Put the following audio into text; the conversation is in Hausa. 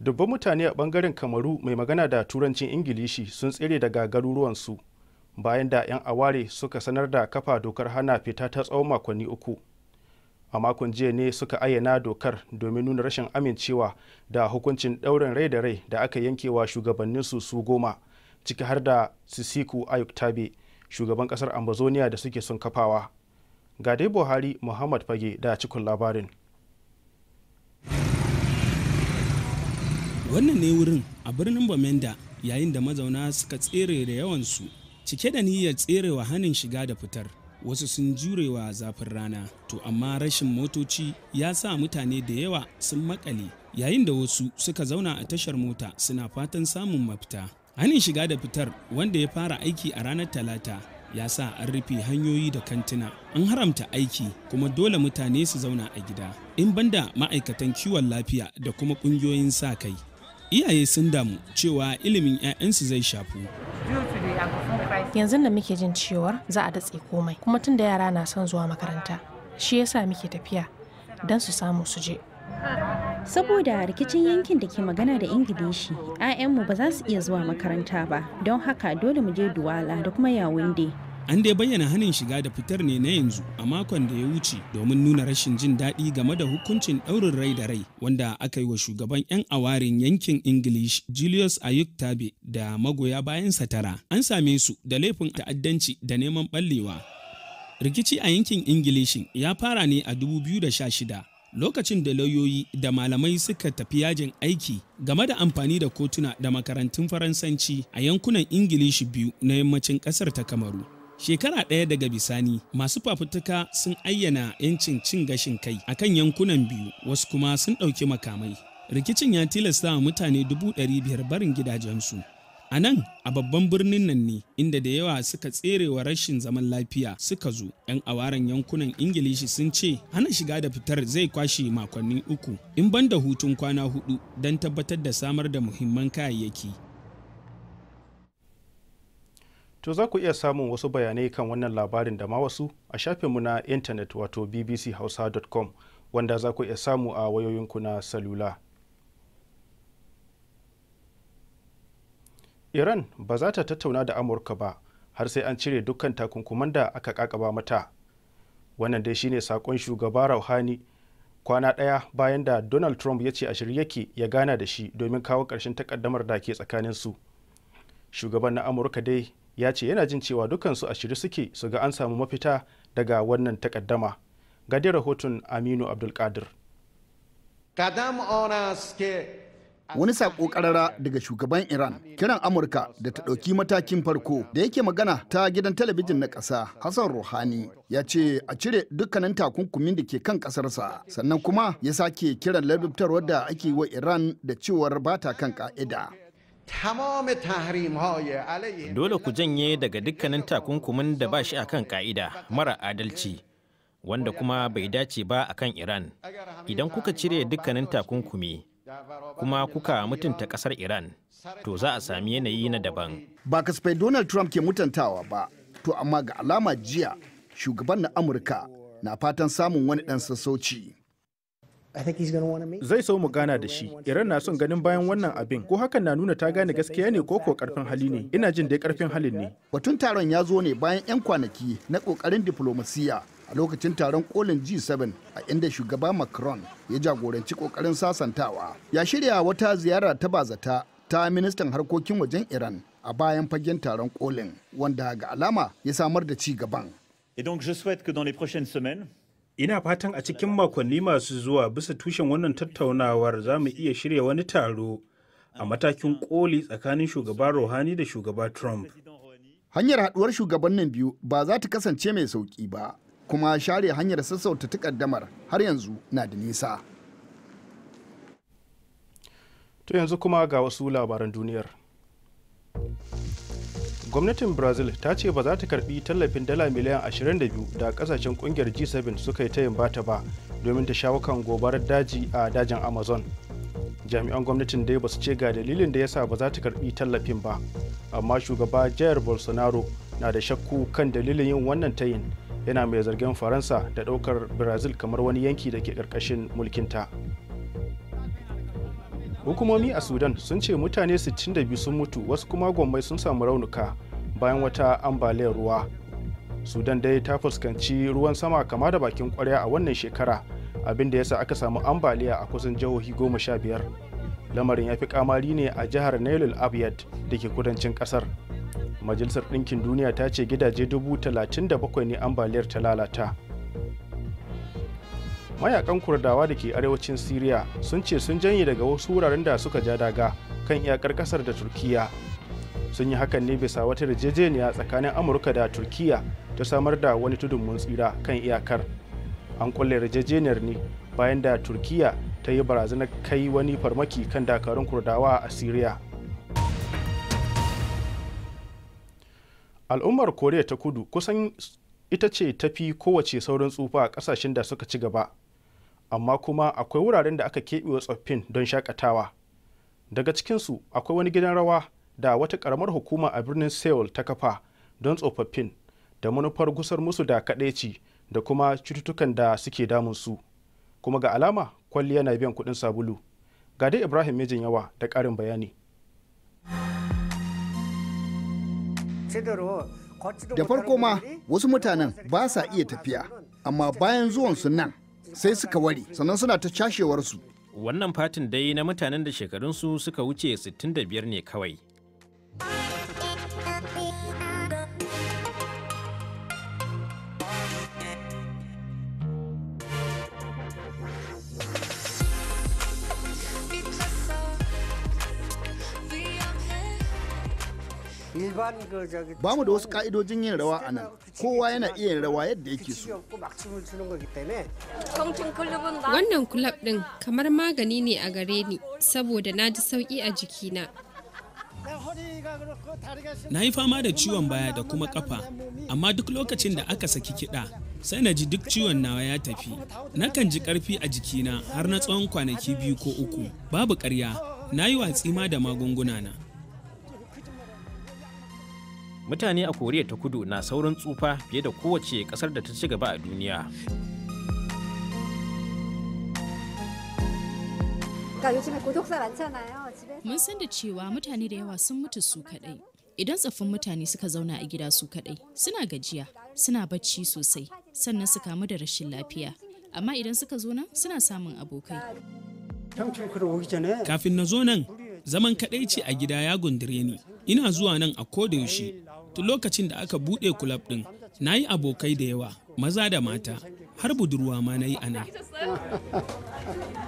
dubban mutane a bangaren kamaru mai magana da turancin ingilishi sun tsere daga garuruwansu bayan da 'yan aware suka sanar da kafa dokar hana fita ta tsawon makonni uku a makon jiya ne suka ayyana dokar domin nuna rashin amincewa da hukuncin ɗaurin rai da rai da aka yankewa shugabannin su su goma ciki har da sisiku ayuk tabe shugaban kasar ambazonia da suke sun kafawa ga dai buhari muhammad fage da cikin labarin wannan ne wurin a birnin bamenda yayin da mazauna suka tsere da yawansu cike da niyyar tserewa hannun shiga da fitar wasu sun jurewa zafin rana to amma rashin motoci ya sa mutane da yawa sun makale yayin da wasu suka zauna a tashar mota suna fatan samun mafita Hannun shiga da fitar wanda ya fara aiki a ranar talata ya sa an rufe hanyoyi da kantuna an haramta aiki kuma dole mutane su zauna a gida in banda ma'aikatan kiwon lafiya da kuma ƙungiyoyin sa kai iyaye sun damu cewa ilimin 'ya'yansu zai shafu yanzu da muke jin cewar za a datse komai kuma tun da yara na son zuwa makaranta shi yasa muke tafiya don su samu su je saboda rikicin yankin da ke magana da ingilishi 'ya'yanmu ba za su iya zuwa makaranta ba don haka dole mu je duwala da kuma yawunde An dai bayyana hanin shiga da fitar ne na yanzu a makon da ya wuce domin nuna rashin jin daɗi game da hukuncin ɗaurin rai da rai wanda aka yi wa shugaban 'yan awarin yankin English Julius Ayuk Tabe da magoya bayansa tara. An same su da laifin ta'addanci da neman ɓallewa. Rikici a yankin Ingilishin ya fara ne a 2016 lokacin da lauyoyi da malamai suka tafi yajin aiki game da amfani da kotuna da makarantun faransanci a yankunan ingilishi biyu na yammacin kasar ta kamaru Shekara ɗaya daga bisani, masu fafutuka sun ayyana 'yancin cin gashin kai a kan yankunan biyu, wasu kuma sun ɗauki makamai. Rikicin ya tilasta wa mutane dubu ɗari biyar barin gidajensu. A nan, a babban birnin nan ne, inda da yawa suka tserewa rashin zaman lafiya suka zo, 'yan awaren yankunan Ingilishi sun ce hana shiga da fitar zai kwashe makonni uku, in banda hutun kwana hudu don tabbatar da samar da muhimman kayayyaki. To za ku iya samun wasu bayanai kan wannan labarin da ma wasu a shafinmu na intanet wato bbchausa.com wanda za ku iya samu a wayoyinku na salula. Iran ba za ta tattauna da Amurka ba har sai an cire dukkan takunkuman da aka kakaba mata. Wannan dai shine sakon shugaba Rauhani kwana ɗaya bayan da Donald Trump ya ce a shirye yake ya gana da shi domin kawo ƙarshen takaddamar da ke tsakaninsu. Shugaban na Amurka dai ya ce yana jin cewa dukansu a shiri suke su ga an samu mafita daga wannan takaddama ga dai rahoton aminu abdulkadir wani sako karara daga shugaban iran kiran amurka da ta ɗauki matakin farko da yake magana ta gidan talabijin na ƙasa hassan ruhani ya ce a cire dukkanin takunkumin da ke kan ƙasarsa sannan kuma ya sake kiran ladabtarwar da ake wa iran da cewar bata kan ka'ida Dole ku janye daga dukkanin takunkumin da ba shi a kan ƙa'ida mara adalci, wanda kuma bai dace ba a kan Iran. Idan kuka cire dukkanin takunkumi, kuma kuka mutunta kasar Iran, to za a sami yanayi na daban. Ba kasfai Donald Trump ke mutuntawa ba, to amma ga alama jiya shugaban na Amurka na fatan samun wani ɗan sassauci. Zai so mu gana da shi. Iran na son ganin bayan wannan abin. Ko hakan na nuna ta gane gaskiya ne ko ko karfin hali ne. Ina jin dai karfin halin ne. Batun taron ya zo ne bayan 'yan kwanaki na kokarin diplomasiya a lokacin taron kolin G7 a inda shugaba Macron ya jagoranci kokarin sasantawa. Ya shirya wata ziyara ta bazata ta ministan harkokin wajen Iran a bayan fagen taron kolin wanda ga alama ya samar da ci gaban. Ina fatan a cikin makonni masu zuwa bisa tushen wannan tattaunawar za mu iya shirya wani taro a matakin koli tsakanin shugaba Rouhani da shugaba Trump. Hanyar haduwar shugabannin biyu ba za ta kasance mai sauƙi ba, kuma share hanyar sassauta takaddamar har yanzu na da nisa. To yanzu kuma ga wasu labaran duniyar. gwamnatin brazil ta ce ba za ta karbi tallafin dala miliyan 22 da kasashen kungiyar g7 suka yi tayin bata ba domin ta shawo kan gobarar daji a dajin amazon jami'an gwamnatin dai ba su ce ga dalilin da yasa ba za ta karbi tallafin ba amma shugaba jihar bolsonaro na da shakku kan dalilin yin wannan tayin yana mai zargin faransa da ɗaukar brazil kamar wani yanki da ke ƙarƙashin mulkinta. hukumomi a sudan sun ce mutane 62 sun mutu wasu kuma gwammai sun samu raunuka bayan wata ambaliyar ruwa sudan dai ta fuskanci ruwan sama kama da bakin kwarya a wannan shekara abin da sa aka samu ambaliya a kusan jihohi goma sha biyar lamarin ya fi kamari ne a jihar nailul abiyad da ke kudancin kasar majalisar ɗinkin duniya ta ce gidaje dubu talatin da bakwai ne ambaliyar ta lalata mayakan kurdawa da ke arewacin siriya sun ce sun janye daga wasu wuraren da suka ja daga kan iyakar kasar da turkiya sun yi hakan ne bisa wata yarjejeniya tsakanin amurka da turkiya ta samar da wani tudun mun tsira kan iyakar an kulle rijejeniyar ne bayan da turkiya ta yi barazanar kai wani farmaki kan dakarun kurdawa a siriya al'ummar koriya ta kudu kusan ita ce tafi kowace saurin tsufa a kasashen da suka ci gaba amma kuma akwai wuraren da aka keɓe wa tsoffin don shakatawa daga cikinsu akwai wani gidan rawa da wata ƙaramar hukuma a birnin seoul ta kafa don tsofaffin da manufar gusar musu da kadaici da kuma cututtukan da suke damunsu kuma ga alama kwalli yana biyan kuɗin sabulu ga dai ibrahim mijin yawa da ƙarin bayani da farko ma wasu mutanen ba sa iya tafiya amma bayan zuwansu nan sai suka ware sannan suna ta cashewarsu wannan fatin dai na mutanen da shekarunsu suka wuce 65 ne kawai ba mu da wasu ka'idojin yin rawa a nan kowa yana iya yin rawa yadda yake so wannan kulab din kamar magani ne a gare ni saboda na ji sauki a jikina na yi fama da ciwon baya da kuma kafa amma duk lokacin da aka saki kiɗa sai na ji duk ciwon nawa ya tafi nakan ji ƙarfi a jikina har na tsawon kwanaki biyu ko uku babu karya na yi watsi ma da magunguna na mutane a koriya ta kudu na saurin tsufa fiye da kowace kasar da ta ci gaba a duniya mun san da cewa mutane da yawa sun mutu su kadai idan tsoffin mutane suka zauna a gida su kadai suna gajiya suna bacci sosai sannan su kamu da rashin lafiya amma idan suka zo nan suna samun abokai kafin na zo nan zaman kadaici a gida ya gundure ni ina zuwa nan a koda yaushe tun lokacin da aka buɗe kulab ɗin na yi abokai da yawa maza da mata har budurwa ma na yi a nan